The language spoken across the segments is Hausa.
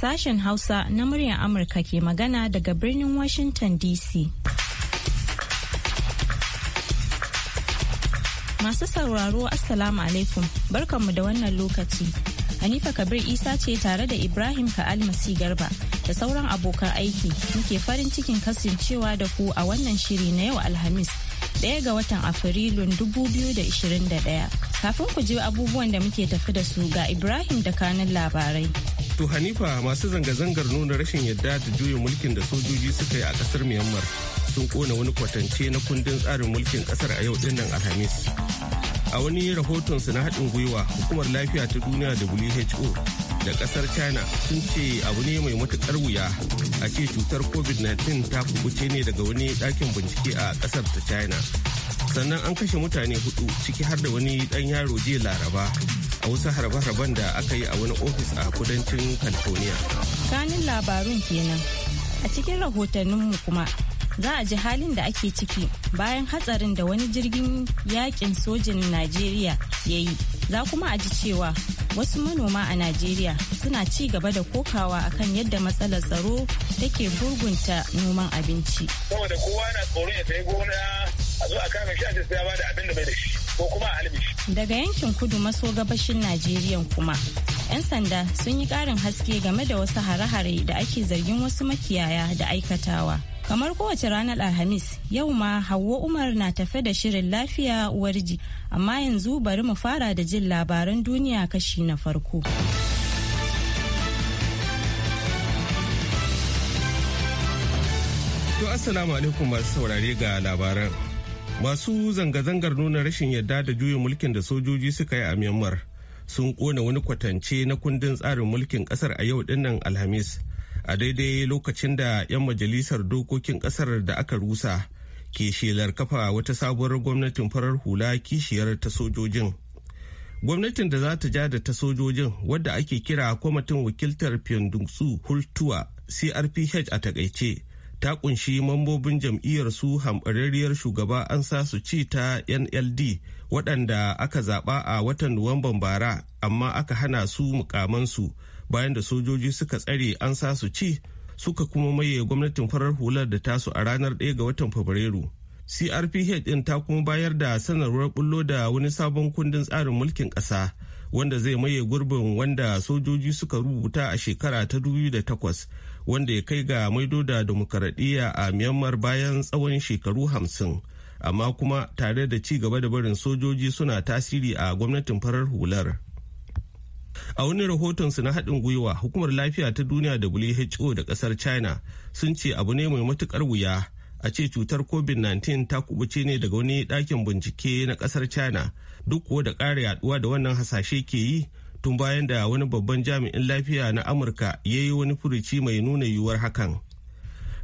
Sashen Hausa na muryar Amurka ke magana daga birnin Washington DC. Masu sauraro Assalamu alaikum barkanmu da wannan lokaci. Hanifa Kabir Isa ce tare da Ibrahim Ka'al Garba da sauran abokan aiki muke farin cikin kasancewa da ku a wannan shiri na yau Alhamis ɗaya ga watan Afrilun 2021. Kafin ku ji abubuwan da muke tafi da su ga Ibrahim da kanin labarai. To Hanifa masu zanga-zangar nuna rashin yadda da juyin mulkin da sojoji suka yi a kasar Myanmar sun kona wani kwatance na kundin tsarin mulkin ƙasar a yau dinnan Alhamis. A wani rahoton su na haɗin gwiwa, hukumar lafiya ta duniya WHO da kasar china sun ce abu ne mai matukar wuya a ce cutar covid-19 ta kubuce ne daga wani dakin bincike a kasar ta china sannan an kashe mutane hudu ciki har da wani ɗan yaro jiya laraba a wasu harbe-harben da aka yi a wani ofis a kudancin california kanin labarun kenan a cikin rahotanninmu kuma za a ji halin da ake ciki bayan hatsarin da wani jirgin yakin sojin najeriya ya yi za kuma a ji cewa wasu manoma a najeriya suna ci gaba da kokawa akan yadda matsalar tsaro take gurgunta noman abinci da kowa na tsoro ya sayi gona a a kama shi a ba abin da bai da shi ko kuma a halbi daga yankin kudu maso gabashin najeriya kuma 'yan sanda sun yi ƙarin haske game da wasu hare-hare da ake zargin wasu makiyaya da aikatawa Kamar kowace ranar Alhamis, yau ma Hauwa Umar na tafe da shirin lafiya warji amma yanzu bari mu fara da jin labaran duniya kashi na farko. To Assalamu alaikum masu saurare ga labaran. Masu zanga-zangar nuna rashin yadda da juyin mulkin da sojoji suka yi a Myanmar sun kona wani kwatance na kundin tsarin mulkin kasar a yau dinnan Alhamis. a daidai lokacin da 'yan majalisar dokokin kasar da aka rusa ke shelar kafa wata sabuwar gwamnatin farar hula kishiyar ta sojojin gwamnatin da za ta ja da ta sojojin wadda ake kira kwamitin wakiltar pyongyangsu hultuwa crph a takaice ta kunshi mambobin jam'iyyar su hamɓararriyar shugaba an sa su ci ta nld waɗanda aka zaɓa a watan nuwamban bara amma aka hana su mukamansu bayan da sojoji suka tsare an sa su ci suka kuma maye gwamnatin farar hular da tasu a ranar 1 ga watan fabrairu crph din ta kuma bayar da sanarwar bullo da wani sabon kundin tsarin mulkin ƙasa wanda zai maye gurbin wanda sojoji suka rubuta a shekara ta 2008 wanda ya kai ga maido da demokaradiyya a myanmar bayan tsawon shekaru hamsin amma kuma tare da ci gaba da barin sojoji suna tasiri a gwamnatin farar hular. A wani rahoton su na haɗin gwiwa hukumar lafiya ta duniya WHO da ƙasar China sun ce abu ne mai matuƙar wuya a ce cutar COVID-19 ta kubuce ne daga wani ɗakin bincike na ƙasar China duk kuwa da ƙara yaduwa da wannan hasashe ke yi tun bayan da wani babban jami'in lafiya na Amurka ya yi wani furuci mai nuna yiwuwar hakan.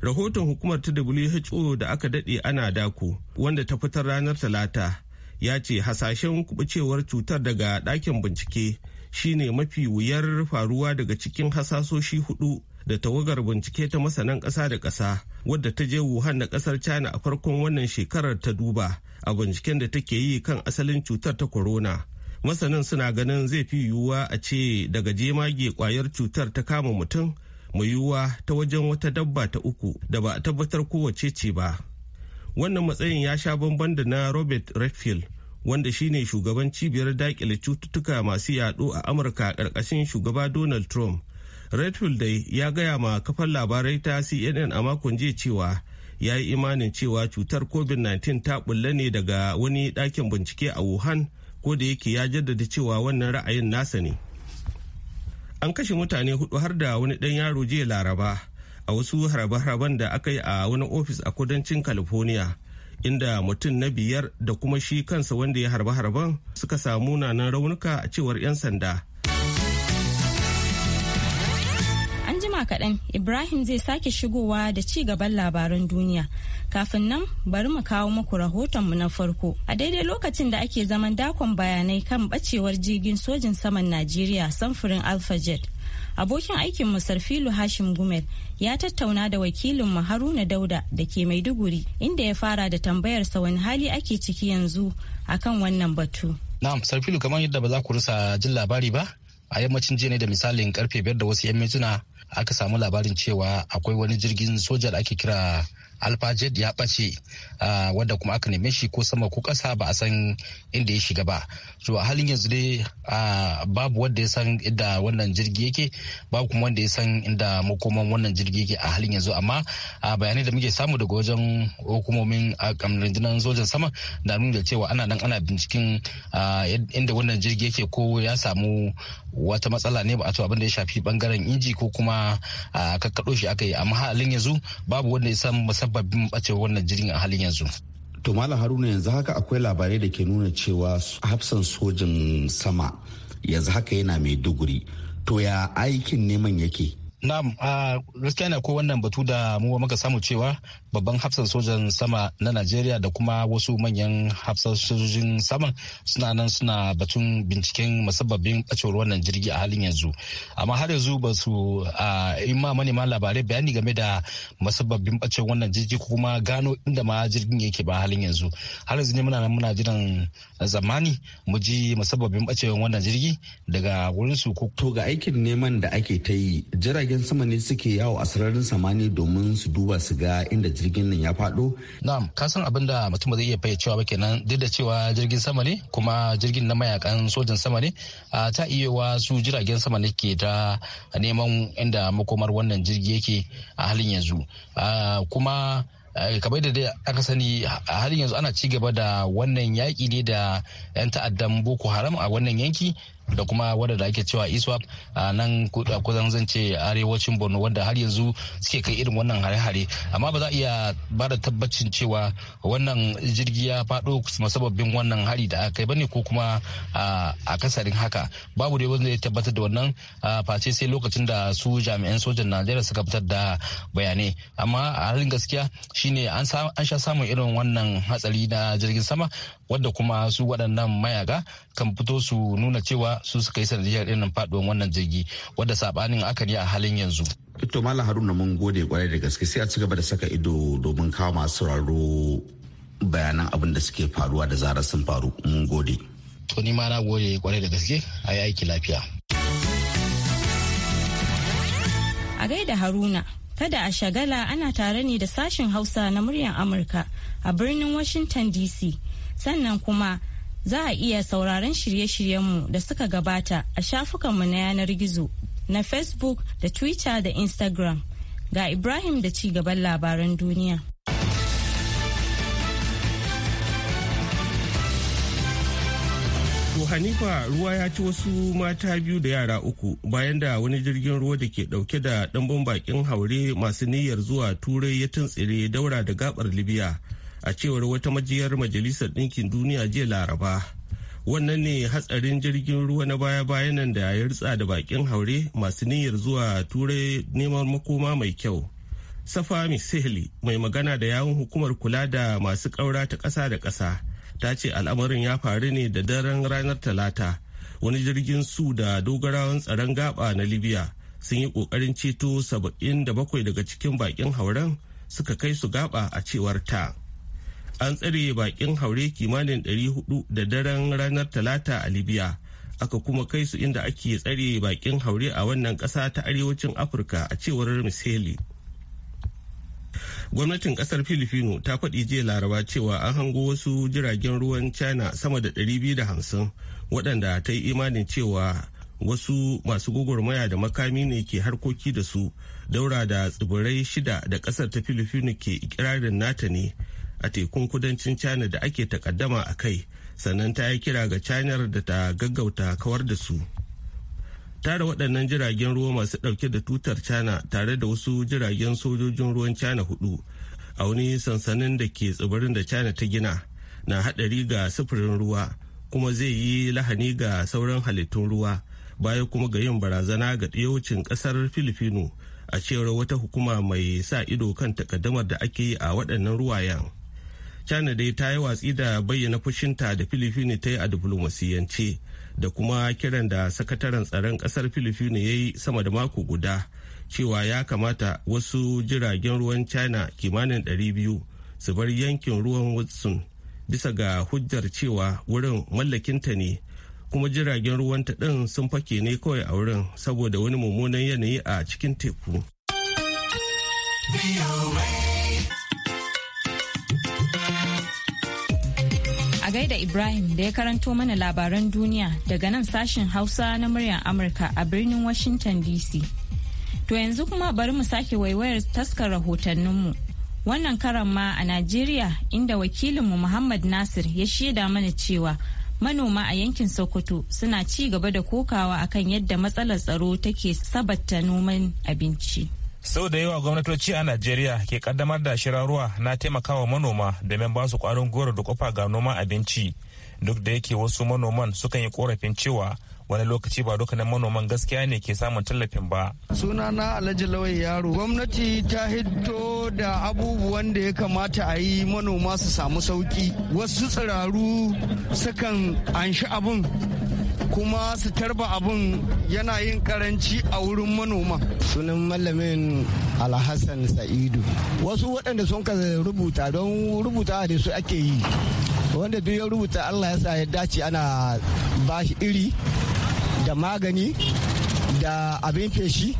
Rahoton hukumar ta WHO da aka daɗe ana daku, wanda ta fitar ranar Talata ya ce hasashen kubucewar cutar daga ɗakin bincike shine mafi wuyar faruwa daga cikin hasasoshi hudu da tawagar bincike ta masanan ƙasa da ƙasa wadda ta je Wuhan na ƙasar China a farkon wannan shekarar ta duba a binciken da take yi kan asalin cutar ta corona. Masanan suna ganin zai fi yiwuwa a ce daga jemage kwayar cutar ta kama mutum mai yiwuwa ta wajen wata dabba ta uku da ba a tabbatar kowace ce ba. Wannan matsayin ya sha bamban da na Robert Redfield wanda shine shugaban cibiyar dakile cututtuka masu yaɗo a amurka ƙarƙashin shugaba donald trump redfield dai ya gaya ma kafar labarai ta cnn a makon jiya cewa ya yi imanin cewa cutar covid-19 ta bulla ne daga wani ɗakin bincike a wuhan ko da yake ya jaddada cewa wannan ra'ayin nasa ne an kashe mutane hudu har da wani ɗan yaro jiya laraba a wasu harabe-haraben da aka yi a wani ofis a kudancin california inda mutum na biyar da kuma shi kansa wanda ya harba harban suka samu nanan raunuka a cewar 'yan sanda. An jima kaɗan Ibrahim zai sake shigowa da ci gaban labaran duniya. Kafin nan bari mu kawo muku rahotonmu na farko. A daidai lokacin da ake zaman dakon bayanai kan bacewar jirgin sojin saman Najeriya samfurin Alpha Jet. Abokin aikin Sarfilu Hashim Gumel ya tattauna da wakilin Haruna Dauda da ke Maiduguri inda ya fara da tambayar sa wani hali ake ciki yanzu akan wannan batu. Na'am Sarfilu kamar yadda ba za ku rusa jin labari ba a yammacin jiya ne da misalin karfe biyar da wasu 'yan mintuna aka samu labarin cewa akwai wani jirgin soja da ake kira alfajed ya ɓace wanda kuma aka neme shi ko sama ko ƙasa ba a san inda ya shiga ba to a halin yanzu dai babu wanda ya san inda wannan jirgi yake babu kuma wanda ya san inda makoman wannan jirgi yake a halin yanzu amma bayanai da muke samu daga wajen hukumomin rundunar sojan sama da nuna da cewa ana nan ana binciken inda wannan jirgi yake ko ya samu wata matsala ne ba a to abin da ya shafi bangaren inji ko kuma kakkaɗo shi aka yi amma halin yanzu babu wanda ya san sababbin ɓacewar wannan jirgin a halin yanzu. To Malam Haruna yanzu haka akwai labarai da ke nuna cewa hafsan sojin sama yanzu haka yana mai duguri. To ya aikin neman yake? Na'am, gaskiya ne ko wannan batu da mu muka samu cewa babban hafsan sojan sama na najeriya da kuma wasu manyan hafsan sojojin saman suna nan suna batun binciken musabbabin bacewar wannan jirgi a halin yanzu amma har yanzu ba su ma manema labarai bayani game da musabbabin bacewar wannan jirgi ko kuma gano inda ma jirgin yake ba halin yanzu har yanzu ne muna nan muna jiran zamani mu ji musabbabin bacewar wannan jirgi daga wurin su ko to ga aikin neman da ake ta yi jiragen sama ne suke yawo a sararin samani domin su duba su ga inda jirgin nan ya faɗo. Na'am, ka san abin da mutum zai iya fayyacewa ba kenan duk da cewa jirgin sama ne kuma jirgin na mayakan sojan sama ne ta iya su jiragen sama ne ke ta neman inda makomar wannan jirgi yake a halin yanzu. Kuma kamar da dai aka sani a halin yanzu ana ci gaba da wannan yaƙi ne da 'yan ta'addan boko haram a wannan yanki da kuma wadda da ake cewa iswap a nan kudan zan ce arewacin borno wadda har yanzu suke kai irin wannan hare-hare amma ba za a iya ba da tabbacin cewa wannan jirgi ya faɗo masababbin wannan hari da aka kai bane ko kuma a kasarin haka babu dai wanda ya tabbatar da wannan face sai lokacin da su jami'an sojan najeriya suka fitar da bayanai amma a halin gaskiya shine an sha samun irin wannan hatsari na jirgin sama wadda kuma su waɗannan mayaka kan fito su nuna cewa su suka yi sanadiyar irin faduwan wannan jirgi wadda sabanin aka ne a halin yanzu to malam haruna mun gode kwarai da gaske sai a ci gaba da saka ido domin kawo masu sauraro bayanan abin da suke faruwa da zarar sun faru mun gode to ni ma na gode kwarai da gaske a yi aiki lafiya a gaida haruna kada a shagala ana tare ne da sashen hausa na muryar amurka a birnin washington dc sannan kuma za a iya sauraron shirye-shiryenmu da suka gabata a shafukanmu na yanar gizo na facebook da twitter da instagram ga ibrahim da ci gaban labaran duniya hanifa ruwa ya ci wasu mata biyu da yara uku bayan da wani jirgin ruwa da ke dauke da ɗanbun bakin haure masu niyyar zuwa turai ya tuntsire daura da gabar libya a cewar wata majiyar majalisar ɗinkin duniya jiya laraba wannan ne hatsarin jirgin ruwa na baya-bayan nan da ya ritsa da bakin haure masu niyyar zuwa turai neman makoma mai kyau safa misali mai magana da yawun hukumar kula da masu ƙaura ta ƙasa da ƙasa ta ce al'amarin ya faru ne da daren ranar talata wani jirgin su da dogarawan tsaron gaba na libya sun yi ƙoƙarin ceto saba'in da bakwai daga cikin bakin hauren suka kai su gaba a cewar ta. an tsare bakin haure kimanin 400 da daren ranar talata a libya aka kuma kai su inda ake tsare bakin haure a wannan kasa ta arewacin afirka a cewar miseli gwamnatin kasar filifino ta faɗi jiya laraba cewa an hango wasu jiragen ruwan china sama da 250 waɗanda ta yi imanin cewa wasu masu gwagwarmaya da makami ne ke harkoki da su daura da tsibirai shida da kasar ta filifino ke ikirarin nata ne a tekun kudancin china da ake takaddama a kai sannan ta yi kira ga china da ta gaggauta kawar da su tara waɗannan jiragen ruwa masu ɗauke da tutar china tare da wasu jiragen sojojin ruwan china hudu a wani sansanin da ke tsibirin da china ta gina na haɗari ga sufurin ruwa kuma zai yi lahani ga sauran halittun ruwa baya kuma ga yin barazana ga ɗiyocin ƙasar filifino a cewar wata hukuma mai sa ido kan takaddamar da ake yi a waɗannan ruwayen china dai ta yi watsi da bayyana fushinta da filifini ta yi a diflomasiyance da kuma kiran da sakataren tsaron kasar filifini ya yi sama da mako guda cewa ya kamata wasu jiragen ruwan china kimanin 200 su bar yankin ruwan watson bisa ga hujjar cewa wurin mallakinta ne kuma jiragen ruwanta ɗin sun fake ne kawai a wurin saboda wani mummunan yanayi a cikin teku. da Ibrahim da ya karanto mana labaran duniya daga nan sashen Hausa na muryar Amurka a birnin Washington DC. To yanzu kuma bari mu sake waiwayar taskar rahotanninmu. Wannan karan ma a Najeriya inda wakilinmu Muhammad Nasir ya shaida mana cewa manoma a yankin Sokoto suna ci gaba da kokawa akan yadda matsalar tsaro take sabatta noman abinci. sau da yawa gwamnatoci a najeriya ke kaddamar da shirarwa na taimakawa manoma domin ba su kwarin goro da kofa ga noman abinci duk da yake wasu manoman sukan yi korafin cewa wani lokaci ba duka dukkanin manoman gaskiya ne ke samun tallafin ba. sunana alhaji lawai yaro gwamnati ta hito da abubuwan da ya kamata a yi manoma su samu sauki wasu tsiraru sukan anshi abun kuma su tarba abun yana yin karanci a wurin manoma sunan mallamin alhassan sa'idu wasu waɗanda sun ka rubuta don rubuta da su ake yi wanda duk ya rubuta allah ya sa ya dace ana bashi iri da magani da abin feshi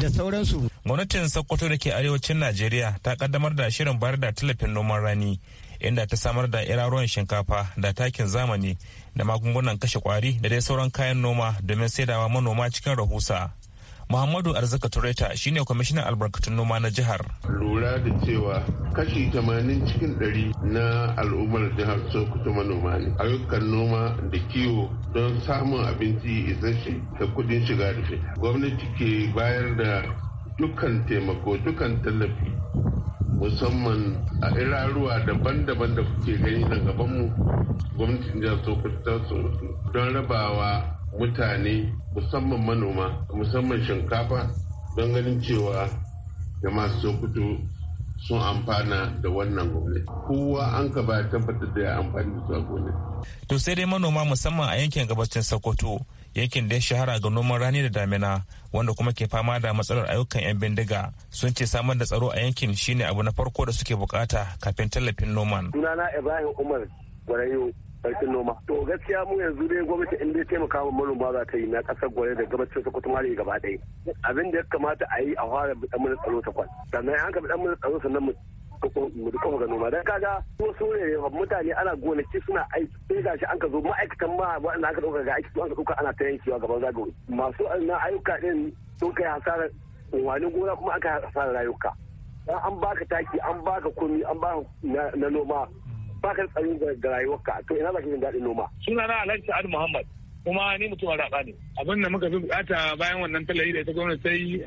da sauransu gwamnatin sokoto da ke arewacin najeriya ta kaddamar da shirin bayar da tallafin noman rani inda ta samar da iraruwan shinkafa da takin zamani da magungunan kashe kwari da dai sauran kayan noma domin saidawa manoma cikin rahusa. Muhammadu Arzika Tureta shine kwamishinan albarkatun noma na jihar. Lura da cewa kashi tamanin cikin 100 na al'ummar jihar Sokoto manoma ne. Ayyukan noma da kiwo don samun abinci isasshe da kudin shiga da fita. Gwamnati ke bayar da dukkan taimako dukkan tallafi musamman a iraruwa daban-daban da kuke gani na gabanmu gwamnatin jihar sokoto ta don rabawa mutane musamman manoma musamman shinkafa don ganin cewa jama'a sokoto sun amfana da wannan gwamnati kowa an ka ba tabbatar da ya amfani da gwamnati to sai dai manoma musamman a yankin gabashin sokoto yankin da ya shahara ga noman rani da damina wanda kuma ke fama da matsalar ayyukan 'yan bindiga sun ce samar da tsaro a yankin shine abu na farko da suke bukata kafin tallafin noman. sunana ibrahim umar gwarayo sarkin noma to gaskiya mu yanzu dai gwamnati inda ya taimaka wa manoma za ta yi na kasar gwale da gabacin kuma ne gaba ɗaya abin da ya kamata a yi a fara bidan mana tsaro ta kwal. sannan an ka bidan tsaro sannan mu mu duka mu ga noma dan kaga wasu mutane ana gonaki suna aiki sai gashi an ka zo ma'aikatan ma wanda aka dauka ga aiki su an ka dauka ana ta yankewa gaban zagaye masu na ayyuka din sun kai hasarar wani gona kuma aka hasarar rayuka dan an baka taki an baka komi an baka na noma baka tsaro ga rayuwarka to ina za ka jin daɗin noma sunana Alhaji Sa'ad Muhammad kuma ni mutum raɓa ne abin da muka fi bukata bayan wannan talayi da ita gwamnati ta yi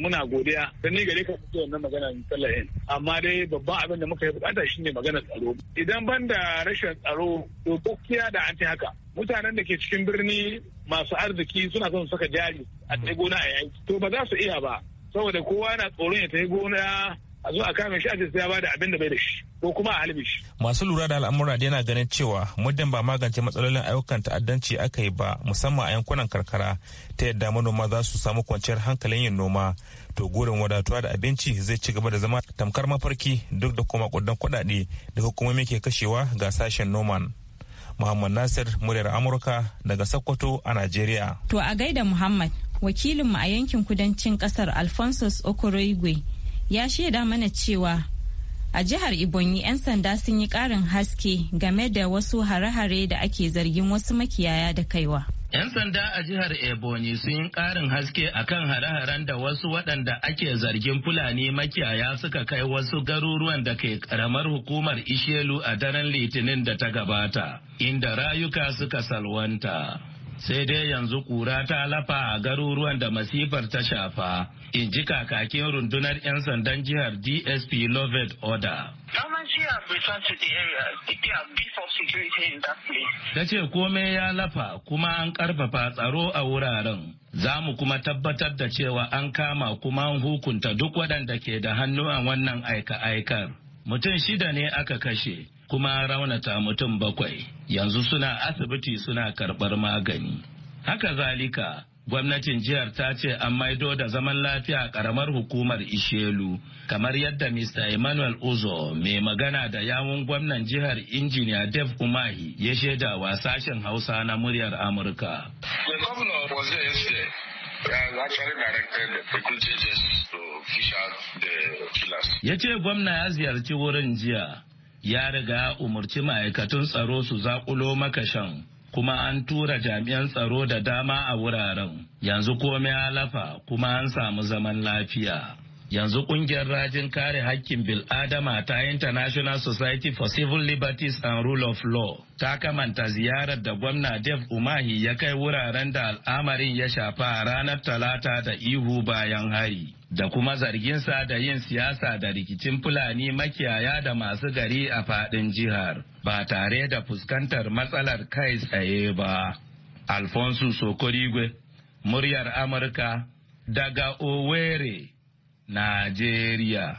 muna godiya Da ni gare ka fito wannan magana talayin amma dai babban abin da muka yi bukata shine magana tsaro idan ban da rashin tsaro to gaskiya da an ta haka mutanen da ke cikin birni masu arziki suna son saka jari a tai gona a yanki to ba za su iya ba saboda kowa yana tsoron ya tafi gona a zo a kame shi a ya bada abin da bai da shi ko kuma a halbe shi. Masu lura da al'amura da yana ganin cewa muddin ba magance matsalolin ayyukan ta'addanci aka yi ba musamman a yankunan karkara ta yadda manoma za su samu kwanciyar hankalin yin noma to gurin wadatuwa da abinci zai ci gaba da zama tamkar mafarki duk da kuma kudan kuɗaɗe da hukumomi ke kashewa ga sashen noman. Muhammad Nasir muryar Amurka daga Sokoto a Najeriya. To a gaida Muhammad wakilinmu a yankin kudancin kasar Alphonsus Okoroigwe ya shaida mana cewa a jihar ibonyi 'yan sanda sun yi karin haske game da wasu hare-hare da ake zargin wasu makiyaya da kaiwa 'Yan sanda a jihar Ebonyi sun yi karin haske akan hare-haren da wasu waɗanda ake zargin Fulani makiyaya suka kai wasu garuruwan da ke karamar hukumar Ishelu a daren Litinin da ta gabata, inda rayuka suka salwanta. Sai dai yanzu ƙura ta lafa a garuruwan da masifar ta shafa. in ji kakakin rundunar 'yan sandan jihar dsp lovett order Ta ce komai ya lafa kuma an karfafa tsaro a wuraren. Za mu kuma tabbatar da cewa an kama kuma an hukunta duk waɗanda ke da hannu a wannan aika-aikar. Mutum shida ne aka kashe, kuma raunata mutum bakwai. Yanzu suna asibiti suna karɓar magani. Haka zalika, Gwamnatin jihar ta ce an maido da zaman lafiya a karamar hukumar Ishelu, kamar yadda Mr. Emmanuel Uzo mai magana da yawun gwamnan jihar injiniya Dev Umahi ya shaida wa sashen Hausa na muryar Amurka. Ya ce gwamna ya ziyarci wurin jiya, ya riga umarci ma'aikatun tsaro su zaƙulo makashan. kuma an tura jami'an tsaro da dama a wuraren yanzu komai ya lafa kuma an samu zaman lafiya yanzu kungiyar rajin kare hakkin bil'adama ta international society for civil liberties and rule of law ta kamanta ziyarar da gwamna dev umahi ya kai wuraren da al'amarin ya shafa ranar talata da ihu bayan hari da kuma zargin sa da yin siyasa da rikicin Fulani makiyaya da masu gari a fadin jihar ba tare da fuskantar matsalar kai tsaye ba. Alfonso Sokorigwe, muryar Amurka daga Owerri, Najeriya.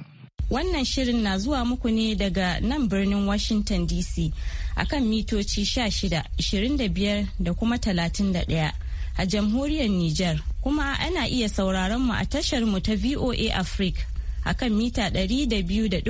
Wannan shirin na zuwa muku ne daga nan birnin Washington DC akan mitoci 16, 25 da kuma 31 a jamhuriyar Nijar. kuma ana iya sauraron mu a tashar mu ta VOA Africa akan mita 200.5.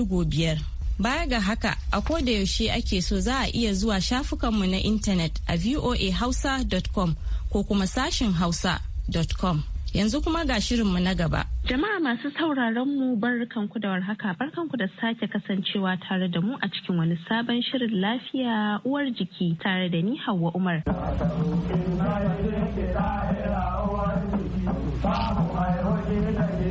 Baya ga haka a da yaushe ake so za a iya zuwa shafukan mu na intanet a voahausa.com ko kuma sashin hausa.com. Yanzu kuma ga shirin mu na gaba. Jama'a masu sauraron mu barkanku da warhaka barkanku da sake kasancewa tare da mu a cikin wani sabon shirin lafiya uwar jiki tare da ni Hauwa Umar. 大步迈过去。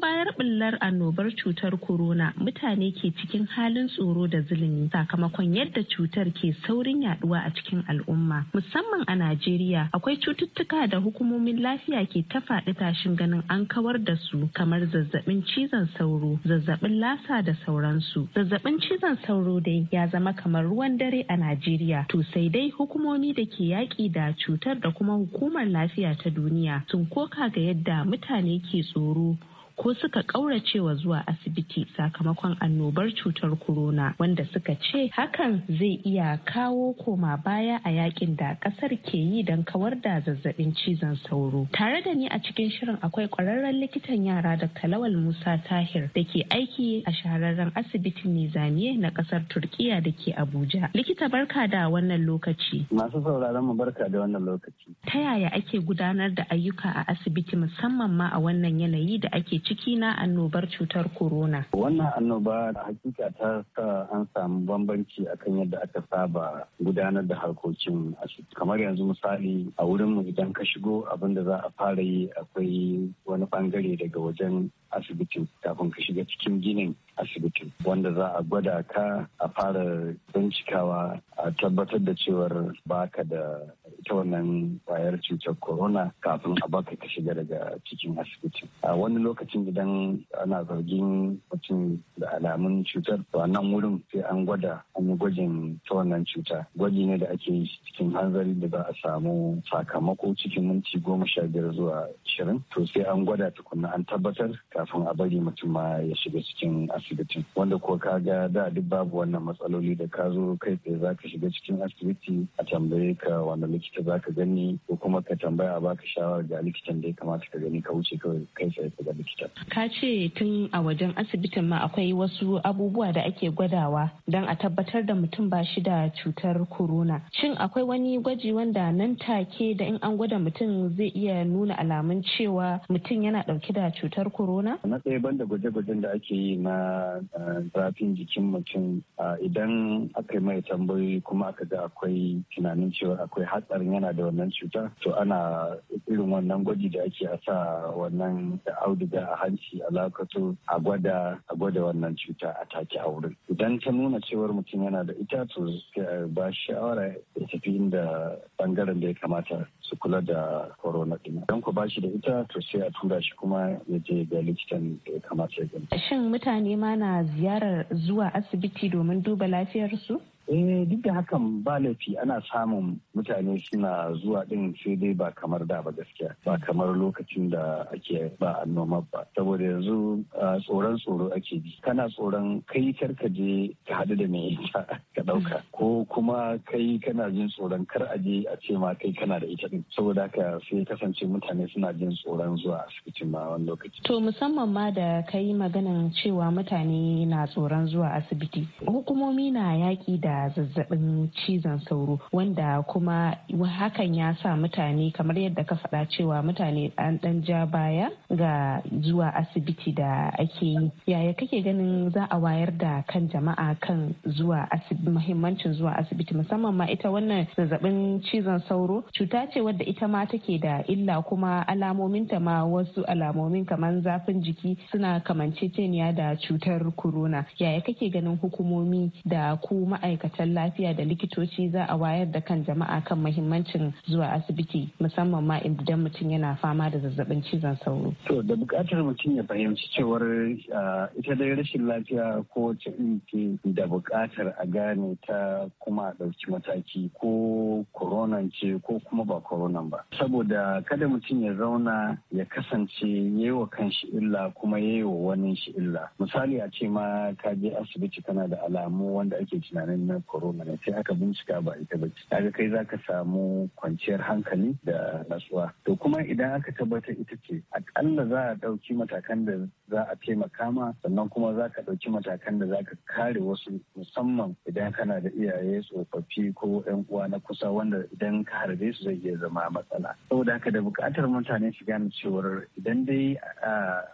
bayar bullar annobar cutar corona mutane ke cikin halin tsoro da zulumi sakamakon yadda cutar ke saurin yaduwa a cikin al'umma. Musamman a Najeriya akwai cututtuka da hukumomin lafiya ke ta faɗi tashin ganin an kawar da su kamar zazzabin cizon sauro, zazzabin lasa da sauransu. Zazzabin cizon sauro dai ya zama kamar ruwan dare a Najeriya to sai dai hukumomi da ke yaƙi da cutar da kuma hukumar lafiya ta duniya sun koka ga yadda mutane ke tsoro ko suka ƙauracewa zuwa asibiti sakamakon annobar cutar corona wanda suka ce hakan zai iya kawo koma baya a yakin da ƙasar ke yi don kawar da zazzabin cizon sauro. Tare da ni a cikin shirin akwai ƙwararren likitan yara da Talawal Musa Tahir da ke aiki a shahararren asibitin Nizamiye na ƙasar Turkiya da ke Abuja. Likita barka da wannan lokaci. Masu sauraron mu barka da wannan lokaci. Ta yaya ake gudanar da ayyuka a asibiti musamman ma a wannan yanayi da ake ciki na annobar cutar corona. Wannan annoba da hakika ta sa an samu bambanci akan yadda aka saba gudanar da harkokin asibiti. Kamar yanzu misali a wurinmu idan ka shigo abin da za a fara yi akwai wani bangare daga wajen asibitin kafin ka shiga cikin ginin asibitin wanda za a gwada ka a fara bincikawa a tabbatar da cewar baka da ita wannan kwayar cutar corona kafin a baka ka shiga daga cikin asibiti a wani lokacin idan ana zargin mutum da alamun cutar to nan wurin sai an gwada an yi gwajin ta wannan cuta gwaji ne da ake yi cikin hanzari da ba a samu sakamako cikin minti goma sha biyar zuwa ashirin to sai an gwada tukunna an tabbatar kafin a bari mutum ma ya shiga cikin asibitin wanda ko ka ga da duk babu wannan matsaloli da ka zo kai tsaye za ka shiga cikin asibiti a tambaye ka wani likita za ka gani ko kuma ka tambaya ba ka shawara ga likitan da ya kamata ka gani ka wuce kawai kai tsaye ka ga likita. Ka ce tun a wajen asibitin ma akwai wasu abubuwa da ake gwadawa don a tabbatar da mutum ba shi da cutar corona. Shin akwai wani gwaji wanda nan take da in an gwada mutum zai iya nuna alamun cewa mutum yana ɗauke da cutar corona? Na ban banda gwaje-gwajen da ake yi na eh, zafin jikin mutum ah, idan aka yi mai tambayoyi kuma aka ga akwai tunanin cewa akwai hatsari yaron yana da wannan cuta to ana irin wannan gwaji da ake a sa wannan da auduga a hanci a lakato a gwada a gwada wannan cuta a take a wurin idan ta nuna cewar mutum yana da ita to ba shawara ya tafi inda bangaren da ya kamata su kula da corona din idan ku ba shi da ita to sai a tura shi kuma ya je ga likitan da ya kamata ya gani shin mutane ma na ziyarar zuwa asibiti domin duba lafiyarsu eh duk da hakan ba laifi ana samun mutane suna zuwa ɗin sai dai ba kamar da ba gaskiya ba kamar lokacin da ake ba noma ba saboda yanzu tsoron tsoro ake ji kana tsoron kai ka je ka haɗu da mai ita ka ɗauka ko kuma kai kana jin tsoron kar a je a ce ma kai kana da ita din saboda haka sai kasance mutane suna jin tsoron zuwa asibitin ma wani lokaci. To musamman ma da kai maganan cewa mutane na tsoron zuwa asibiti hukumomi na yaki da zazzabin cizon sauro wanda kuma hakan ya sa mutane kamar yadda ka faɗa cewa mutane an ɗan ja baya ga zuwa asibiti da ake yi yaya kake ganin za a wayar da kan jama'a kan zuwa muhimmancin zuwa asibiti musamman ma ita wannan zazzabin cizon sauro cuta ce wadda ita ma take da illa kuma alamominta ma wasu alamomin kamar zafin jiki suna kamanceceniya da cutar corona yaya kake ganin hukumomi da ku ma'aikata ma'aikatan lafiya da likitoci za a wayar da kan jama'a kan mahimmancin zuwa asibiti musamman ma idan mutum yana fama da zazzabin cizon sauro. To da bukatar mutum ya fahimci cewar ah, ita dai rashin lafiya ko wace ke da bukatar a gane ta kuma a ɗauki mataki ko koronan ce ko kuma ba koronan ba. Saboda kada mutum ya zauna ya kasance ya yi wa kanshi illa kuma ya yi wa wani shi illa. Misali a ce ma ka je asibiti kana da alamu wanda ake tunanin na corona ne sai aka bincika ba ita ba ce kaga kai za ka samu kwanciyar hankali da natsuwa to kuma idan aka tabbatar ita ce akalla za a ɗauki matakan da za a taimaka ma sannan kuma za ka ɗauki matakan da za ka kare wasu musamman idan kana da iyaye tsofaffi ko 'yan uwa na kusa wanda idan ka harbe su zai iya zama matsala saboda haka da bukatar mutane su gane cewar idan dai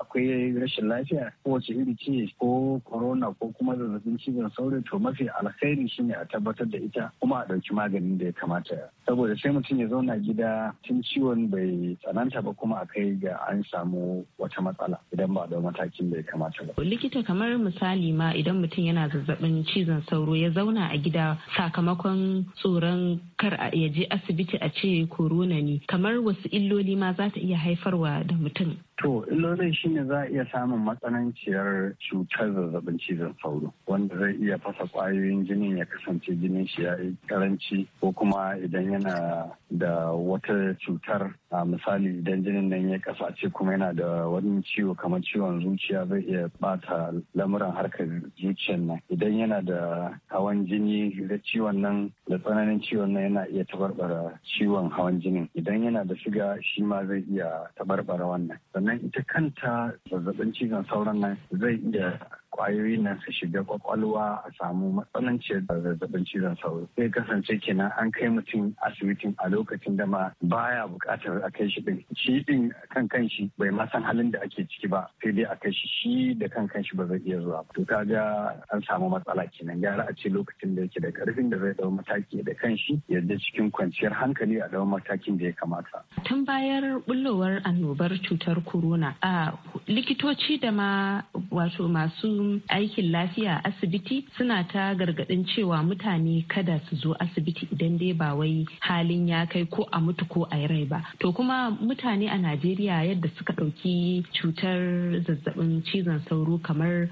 akwai rashin lafiya kowace iri ce ko corona ko kuma zazzabin cizon sauri to mafi alkhairi yi shine a tabbatar da ita kuma a ɗauki maganin da ya kamata saboda sai mutum ya zauna gida tun ciwon bai tsananta ba kuma a kai ga an samu wata matsala idan ba da matakin da ya kamata ba. likita kamar misali ma idan mutum yana zazzabin cizon sauro ya zauna a gida sakamakon tsoron kar a je asibiti a ce korona ne kamar wasu illoli ma za ta iya haifarwa da mutum. To, illolin shi ne za a iya samun matsananciyar cutar zazzabin cizon sauro, wanda zai iya fasa kwayoyin jinin ya kasance jinin shi ya yi karanci ko kuma idan yana da wata cutar a misali idan jinin nan ya kasace kuma yana da wani ciwo kamar ciwon zuciya zai iya bata lamuran harkar zuciyar nan idan yana da hawan jini da ciwon nan da tsananin ciwon nan yana iya tabarbara ciwon hawan jinin idan yana da shiga shi ma zai iya tabarbara wannan sannan ita kanta zazzaɓin cizon sauran nan zai iya Kwayoyi nan su shiga kwakwalwa a samu matsananciyar zazzabin cizon sauro sai kasance kenan an kai mutum asibitin a lokacin da ma baya buƙatar a kai shi din shi din kan shi bai ma san halin da ake ciki ba sai dai a kai shi shi da kan shi ba zai iya zuwa to kaga an samu matsala kenan gara a ce lokacin da yake da karfin da zai dau mataki da kanshi yadda cikin kwanciyar hankali a dau matakin da ya kamata tun bayar bullowar annobar cutar corona a likitoci da ma wato masu aikin lafiya a asibiti suna ta gargaɗin cewa mutane kada su zo asibiti idan dai ba wai halin ya kai ko a mutu ko a rai ba to kuma mutane a najeriya yadda suka ɗauki cutar zazzabin cizon sauro kamar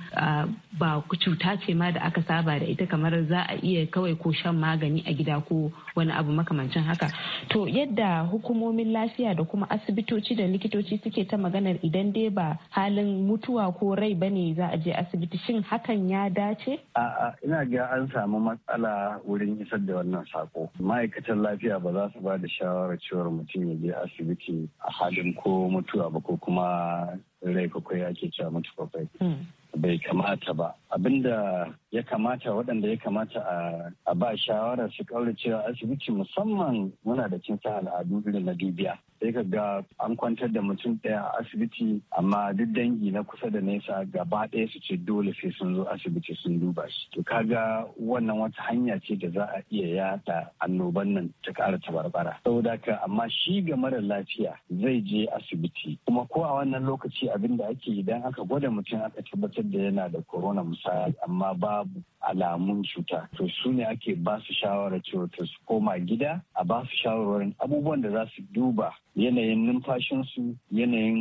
ba cuta ce ma da aka saba da ita kamar za a iya kawai ko shan magani a gida ko wani abu makamancin haka to yadda hukumomin lafiya da kuma asibitoci da likitoci suke ta maganar idan dai ba halin mutuwa ko rai bane za a je asibiti shin hakan ya dace a'a ina ga an samu matsala wurin isar da wannan sako ma'aikatan lafiya ba za su ba da shawarar cewar mutum ya je asibiti a halin ko mutuwa ba ko kuma rai kwakwai ake cewa mutu kwakwai hmm. bai kamata ba abinda ya kamata waɗanda ya kamata a ba shawara su cewa asibiti musamman muna da sa al'adu irin na dubiya sai ka ga an kwantar da mutum ɗaya a asibiti amma duk dangi na kusa da nesa gaba ɗaya su ce dole sai sun zo asibiti sun duba shi to ka ga wannan wata hanya ce da za a iya yata annoban nan ta ƙara tabarbara saboda ka amma shi ga mara lafiya zai je asibiti kuma ko a wannan lokaci abin da ake idan aka gwada mutum aka tabbatar da yana da korona misali amma babu alamun cuta to su ne ake ba su shawarar cewa su koma gida a ba su shawarwarin abubuwan da za su duba yanayin numfashinsu yanayin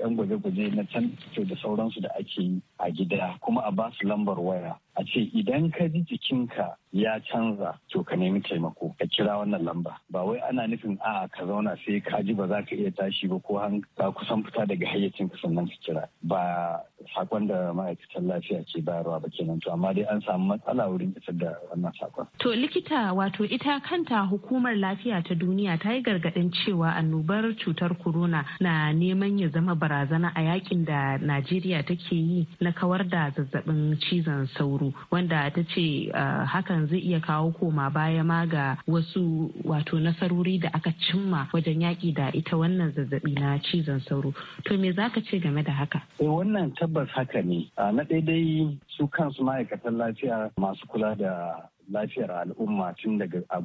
yan gwaje-gwaje na can da sauransu da ake yi a gida kuma a basu lambar waya a ce idan ka ji jikinka ya canza to ka nemi taimako ka kira wannan lamba ba wai ana nufin a ka zauna sai ka ji ba za ka iya tashi ba ko ka kusan fita daga hayyacin ka sannan ka kira ba sakon da ma'aikatan lafiya ke bayarwa ba kenan to amma dai an samu matsala wurin isar da wannan sakon. To likita wato ita kanta hukumar lafiya ta duniya ta yi gargaɗin cewa annobar cutar corona na neman ya zama barazana a yakin da Najeriya take yi na kawar da zazzabin cizon sauro. wanda ta ce ah, hakan zai iya kawo koma baya ma ga wasu wato nasarori da aka cimma wajen yaƙi da ita wannan zazzabi na cizon sauro. To me za ka ce game da haka? Eh, wannan tabbas haka ne. Ah, na daidai su kansu ma'aikatan lafiya masu kula da lafiyar al'umma tun daga a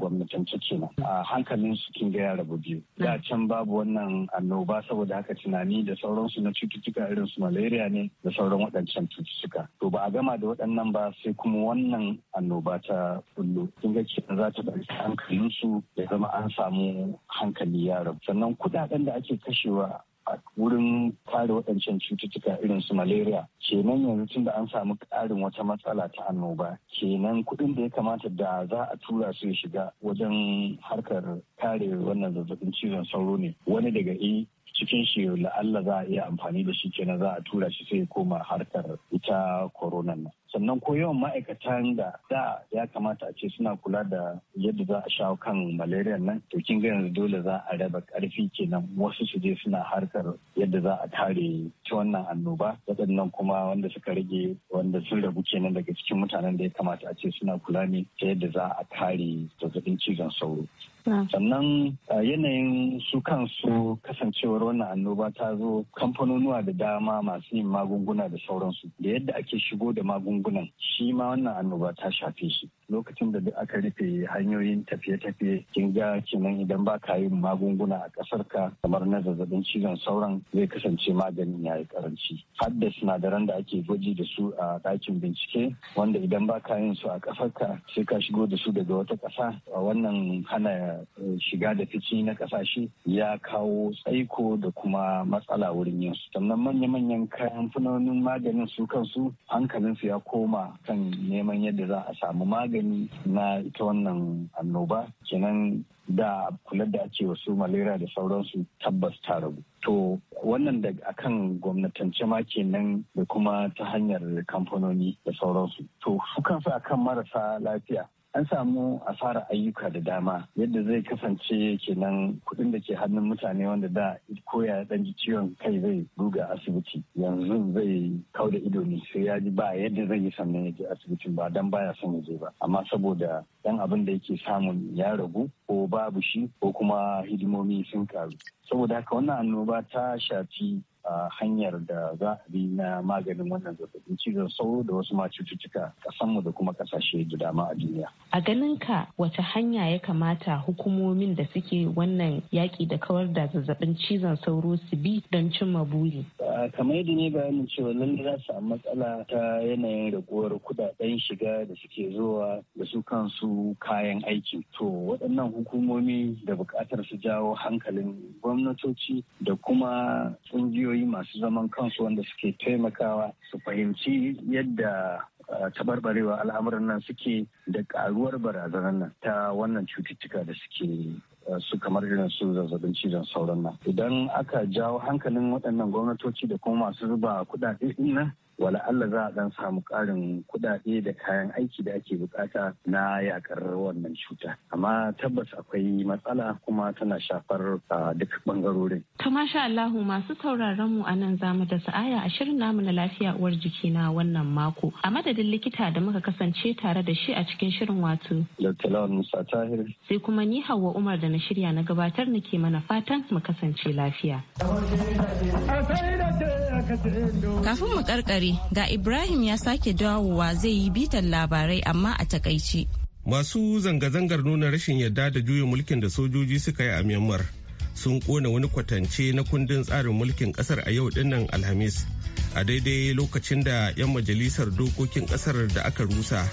ciki na. a hankalin su kin ga ya rabu biyu da mm. can babu wannan annoba saboda haka tunani da sauransu na cututtuka irin su malaria ne da sauran waɗancan cututtuka to ba a gama da waɗannan ba sai kuma wannan annoba ta bullo kin ga kenan za ta ɗauki hankalin su ya zama an samu hankali ya rabu sannan kuɗaɗen da ake kashewa a wurin kare waɗancan cututtuka irin su malaria kenan yanzu tun da an samu ƙarin wata matsala ta annoba kenan kuɗin da ya kamata da za a tura su ya shiga wajen harkar kare wannan zazzabin cizon sauro ne wani daga e cikin shi la'alla za a iya amfani da shi kenan za a tura shi sai koma harkar ita koronan nan sannan ko yawan ma'aikatan da da ya kamata a ce suna kula da yadda za a shawo kan malaria nan to kin ga yanzu dole za a raba karfi kenan wasu su je suna harkar yadda za a tare ta wannan annoba waɗannan kuma wanda suka rage wanda sun rabu kenan daga cikin mutanen da ya kamata a ce suna kula ne ta yadda za a kare zazzabin cizon sauro sannan yanayin su kansu kasancewar wannan annoba ta zo kamfanonuwa da dama masu yin magunguna da sauransu da yadda ake shigo da magungunan shi ma wannan annoba ta shafe shi lokacin da aka rufe hanyoyin tafiye-tafiye kin ga kenan idan ba ka yin magunguna a ƙasar ka kamar na zazzabin cizon sauran zai kasance maganin ya yi karanci har da sinadaran da ake gwaji da su a ɗakin bincike wanda idan ba ka yin su a ƙasar ka sai ka shigo da su daga wata ƙasa wannan hana Eh, shiga da fici na kasashe ya kawo tsaiko da kuma matsala wurin yin su sannan manya-manyan kayan fununin maganin su kansu hankalinsu ya koma kan neman yadda za a samu magani na ita wannan annoba kenan da kula da ake wasu malera da sauransu tabbas ta rabu. To wannan da akan gwamnatance ma kenan da kuma ta hanyar kamfanoni da sauransu. To su kansu akan marasa lafiya an samu asarar ayyuka da dama yadda zai kasance kenan kuɗin da ke hannun mutane wanda da koya dan ji ciwon kai zai ruga asibiti yanzu zai kau da ido ne sai ya ji ba yadda zai yi sannan ya je asibitin ba dan baya son ya je ba amma saboda dan abin da yake samun ya ragu ko babu shi ko kuma hidimomi sun karu saboda haka wannan annoba ta shafi hanyar da za a bi na maganin wannan zazzabin cizon sauro da wasu ma cututtuka kasanmu da kuma kasashe da dama a duniya. A ganin ka wata hanya ya kamata hukumomin da suke wannan yaƙi da kawar da zazzabin cizon sauro su bi don cimma buri? Kamar yadda ne bayanin cewa lalle za su samu matsala ta yanayin raguwar kudaden shiga da suke zuwa da su kansu kayan aiki. To waɗannan hukumomi da buƙatar su jawo hankalin gwamnatoci da kuma ƙungiyoyi ƙungiyoyi masu zaman kansu wanda suke taimakawa su fahimci yadda eh, tabarbarewa al'amuran nan suke da ƙaruwar barazanar nan ta wannan cututtuka da suke eh, su kamar irin su zazzabin cizon sauran nan idan aka jawo hankalin waɗannan gwamnatoci da kuma masu zuba kuɗaɗe nan wala Allah za a dan samu ƙarin kuɗaɗe da kayan aiki da ake bukata na yakar wannan cuta amma tabbas akwai matsala kuma tana shafar duk bangarorin. To masha Allahu masu sauraron mu anan zamu da sa'aya a shirin namu na lafiya uwar jiki na wannan mako a madadin likita da muka kasance tare da shi a cikin shirin wato. Lawan Musa Tahir. Sai kuma ni Hauwa Umar da na shirya na gabatar nake mana fatan mu kasance lafiya. Kafin mu karkare dare ga Ibrahim ya sake dawowa zai yi bitan labarai amma a takaice. Masu zanga-zangar nuna rashin yarda da juyin mulkin da sojoji suka yi a Myanmar sun kona wani kwatance na kundin tsarin mulkin kasar a yau dinnan Alhamis a daidai lokacin da 'yan majalisar dokokin kasar da aka rusa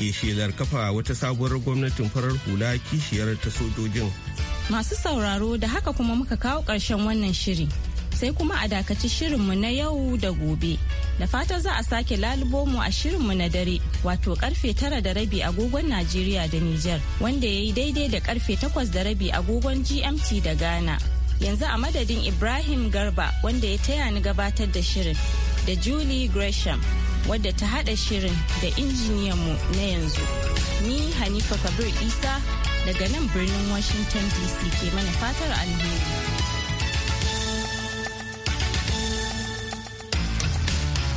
ke shelar kafa wata sabuwar gwamnatin farar hula kishiyar ta sojojin. Masu sauraro da haka kuma muka kawo ƙarshen wannan shiri. sai kuma a dakaci shirinmu na yau da gobe. Da fata za a sake lalubo mu a shirinmu na dare wato karfe tara da rabi agogon Najeriya da Nijar wanda ya yi daidai da karfe takwas da rabi agogon GMT da Ghana. Yanzu a madadin Ibrahim Garba wanda ya taya ni gabatar da shirin da Julie Gresham wadda ta haɗa shirin da mu na yanzu. Ni Hanifa Kabir Isa daga nan birnin Washington DC ke mana fatar alheri.